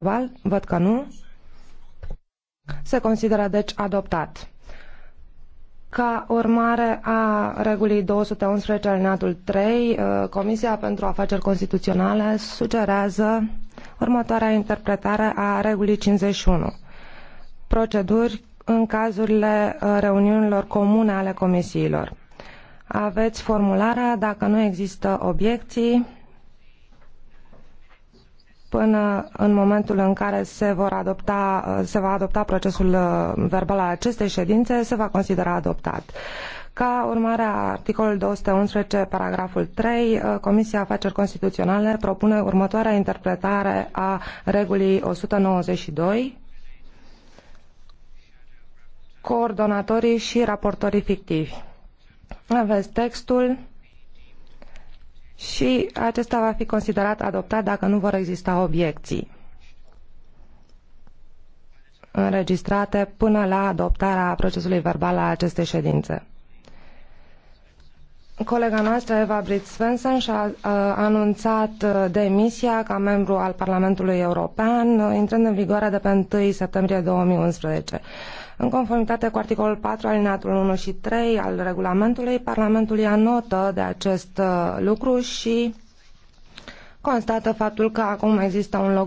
Val? Văd că nu. Se consideră deci adoptat. Ca urmare a regulii 211 alineatul 3, uh, Comisia pentru Afaceri Constituționale sugerează următoarea interpretare a regulii 51. Proceduri în cazurile uh, reuniunilor comune ale comisiilor. Aveți formularea, dacă nu există obiecții, până în momentul în care se, vor adopta, se va adopta procesul uh, verbal al acestei ședințe, se va considera adoptat. Ca urmare a articolului 211, paragraful 3, uh, Comisia Afaceri Constituționale propune următoarea interpretare a regulii 192. Coordonatorii și raportorii fictivi. Aveți textul și acesta va fi considerat adoptat dacă nu vor exista obiecții înregistrate până la adoptarea procesului verbal a acestei ședințe colega noastră, Eva Britt Svensson, și-a anunțat uh, demisia ca membru al Parlamentului European, uh, intrând în vigoare de pe 1 septembrie 2011. În conformitate cu articolul 4, alineatul 1 și 3 al regulamentului, Parlamentul ia notă de acest uh, lucru și constată faptul că acum există un loc